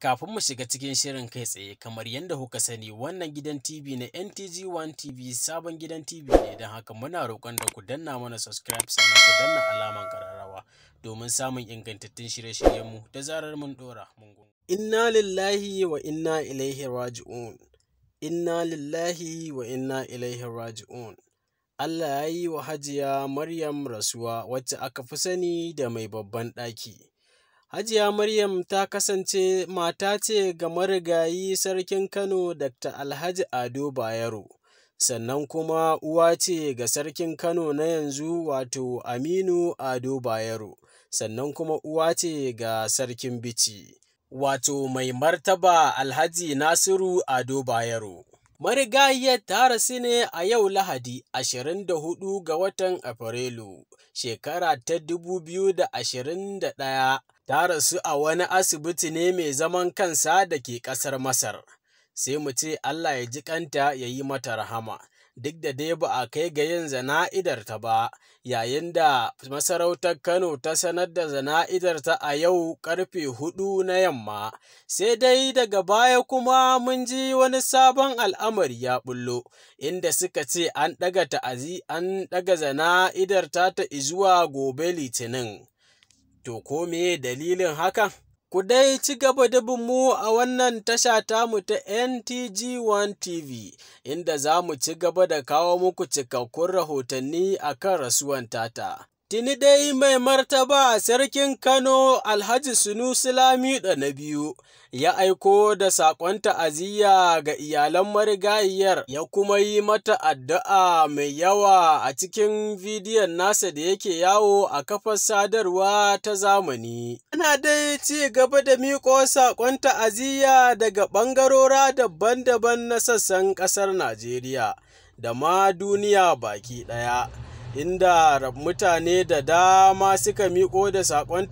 Kafin mu shiga cikin shirin kai tsaye kamar yadda kuka sani wannan gidan TV na NTG1 TV sabon gidan TV ne don haka muna roƙon da ku danna mana subscribe sannan ku danna alaman kararrawa domin samun ingantattun shirye-shiryenmu da zarar mun ɗora mun Inna lillahi wa inna ilaihi raji'un. Inna lillahi wa inna ilaihi raji'un. Allah ya yi wa hajiya Maryam rasuwa wacce aka fi sani da mai babban ɗaki. Hajiya Maryam ta kasance mata ce ga marigayi sarkin Kano Dr. Alhaji Ado Bayero, sannan kuma uwa ce ga sarkin Kano na yanzu wato Aminu Ado Bayero, sannan kuma uwa ce ga sarkin Bici, wato mai martaba Alhaji Nasiru Ado Bayero. Marigayiyar ta rasu ne a yau Lahadi 24 ga watan Afrilu, shekara ta 2021. ta rasu a wani asibiti ne mai zaman kansa da ke ƙasar Masar. Sai mu ce Allah ya ji kanta ya yi mata rahama, duk da dai ba a kai ga yin zana'idarta ba, yayin da masarautar Kano ta sanar da zana'idarta a yau ƙarfe hudu na yamma, sai dai daga baya kuma mun ji wani sabon al'amari ya bullo, inda suka ce an ɗaga ta'azi an ɗaga zana'idarta ta izuwa gobe Litinin. To ko me dalilin hakan? Ku dai ci gaba da bin a wannan tasha tamu ta NTG1 TV, inda za mu ci gaba da kawo muku cikakkun rahotanni a kan rasuwan tata. Tuni dai mai martaba sarkin Kano Alhaji Sunusi Lamido na biyu ya aiko da saƙon ta'aziyya ga iyalan marigayiyar ya kuma yi mata addu'a mai yawa a cikin bidiyon nasa da yake yawo a kafar sadarwa ta zamani. Ana dai ci gaba da miƙo saƙon ta'aziyya daga ɓangarora daban-daban na sassan ƙasar Najeriya da ma duniya baki ɗaya. inda mutane da dama suka miƙo da saƙon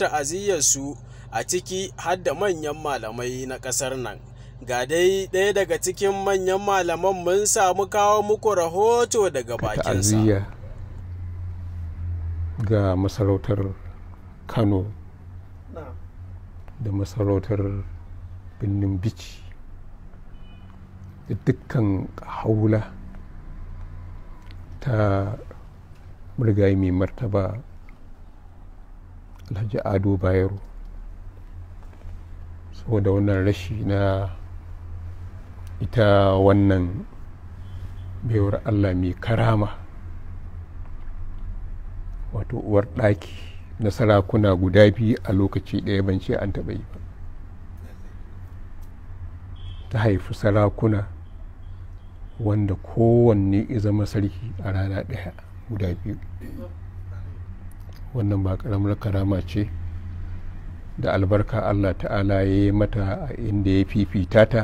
su a ciki har manyan malamai na ƙasar nan ga dai ɗaya daga cikin manyan malaman mun samu kawo muku rahoto daga bakinsa ga masarautar kano da masarautar birnin bici da dukkan haula ta murgayi mai martaba alhaji ado bayero saboda wannan rashi na ita wannan baiwar allah mai karama wato uwar ɗaki na sarakuna guda biyu a lokaci ɗaya ban ce an taɓa yi ba ta haifi sarakuna wanda kowanne ya zama sarki a rana ɗaya guda biyu wannan ba karamar karama ce da albarka allah ta'ala ya yi mata a inda ya fifita ta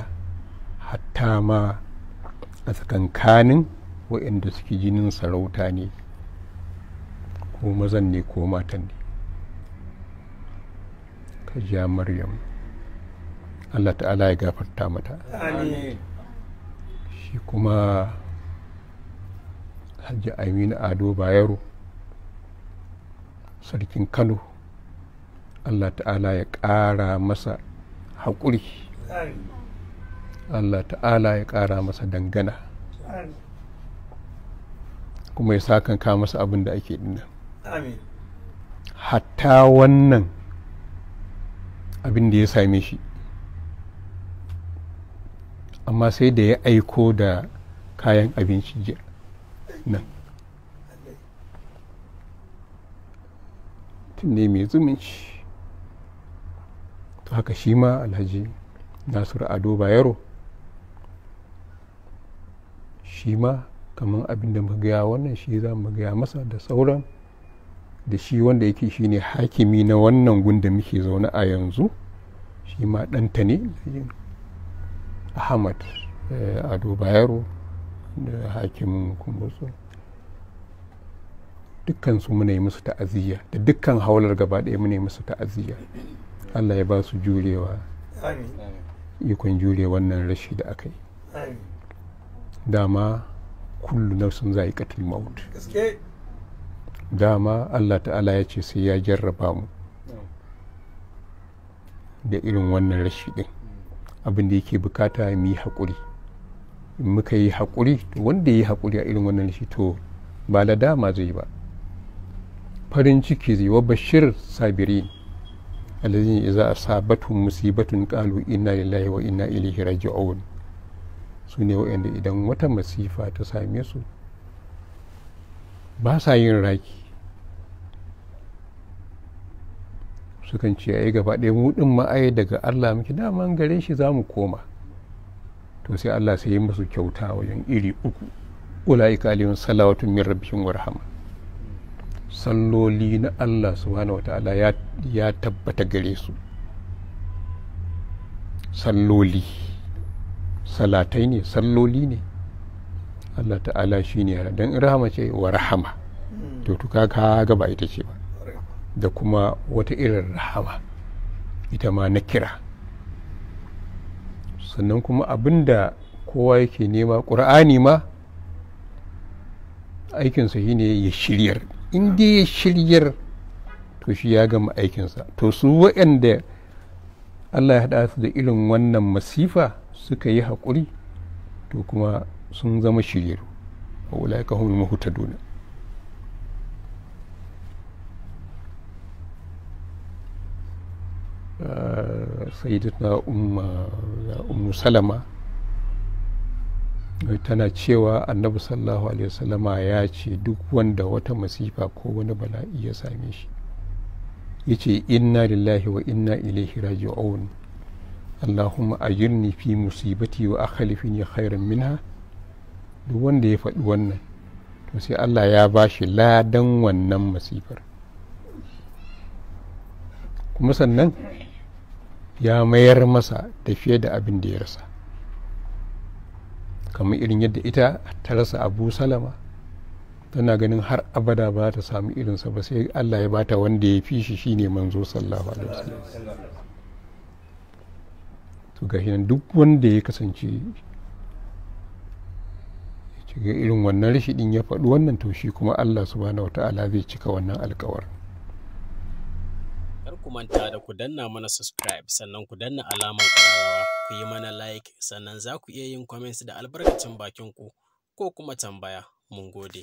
hatta ma a tsakankanin wa'inda suke jinin sarauta ne ko mazan ne ko matan ne ka ja maryam allah ta'ala ya gafarta mata shi kuma alhaji aminu ado bayero sarkin kano allah ta'ala ya ƙara masa haƙuri allah ta'ala ya ƙara masa dangana kuma ya ka masa abin da ake dinnan hatta wannan abin da ya same shi amma sai da ya aiko da kayan abinci jiya nan ne mai zumunci to haka shi ma alhaji nasiru ado bayero shi ma kamar abin da magaya wannan shi za mu gaya masa da sauran da shi wanda yake shi ne hakimi na wannan gunda muke zaune a yanzu shi ma ɗanta ne ahmad eh, ado bayero da hakimin kumbotso dukkan su muna yi musu ta'aziyya da dukkan haular gaba ɗaya muna yi musu ta'aziyya allah ya ba su jurewa ikon jure wannan rashi da aka yi dama kullu sun za yi katil maut dama allah ta'ala ya ce sai ya jarraba mu da irin wannan rashi din abin da yake bukata mu haƙuri muka yi haƙuri wanda ya yi haƙuri a irin wannan shi to ba ladama zai ba farin ciki zai wa bashir sabiri alazin iza sabatun musibatun qalu inna lillahi wa inna ilaihi raji'un su ne wa'anda idan wata masifa ta same su ba sa yin raki sukan ce ai gaba ɗaya mu ɗin ma'ai daga allah muke daman gare shi za mu koma to sai Allah sai ya musu kyauta wajen iri uku ulai alayhim salawatun min rabbihim wa salloli na Allah subhanahu wataala ya ya tabbata gare su salloli salatai ne salloli ne Allah ta'ala shi ne dan rahama ce wa rahama hmm. to tuka kaga ba ita ce ba da kuma wata irin rahama ita ma na kira sannan kuma abin da kowa yake nema ƙur'ani ma aikinsa shine ya shiryar inda ya shiryar to shi ya gama aikinsa to su waɗanda allah ya haɗa su da irin wannan masifa suka yi haƙuri to kuma sun zama shiryar wa wula ya kahun duna sayyidatuna ummu salama tana cewa annabi sallallahu alaihi wasallama ya ce duk wanda wata masifa ko wani bala'i ya same shi ya ce inna lillahi wa inna ilaihi raji'un allahumma ajirni fi musibati wa akhlifni khairan minha duk wanda ya faɗi wannan to sai Allah ya bashi shi ladan wannan masifar kuma sannan ya mayar masa da da abin da ya rasa kamar irin yadda ita ta rasa abu salama tana ganin har abada ba ta samu irinsa ba sai allah ya bata wanda ya fi shi shine manzo sallallahu alaihi to ga nan duk wanda ya kasance shiga irin wannan rashidin ya faɗi wannan to shi kuma allah subhanahu ta'ala zai cika wannan alkawar ku manta da ku danna mana subscribe sannan ku danna alamar ƙararrawa ku yi mana like sannan za ku iya yin comments da albarkacin bakin ku ko kuma tambaya mun gode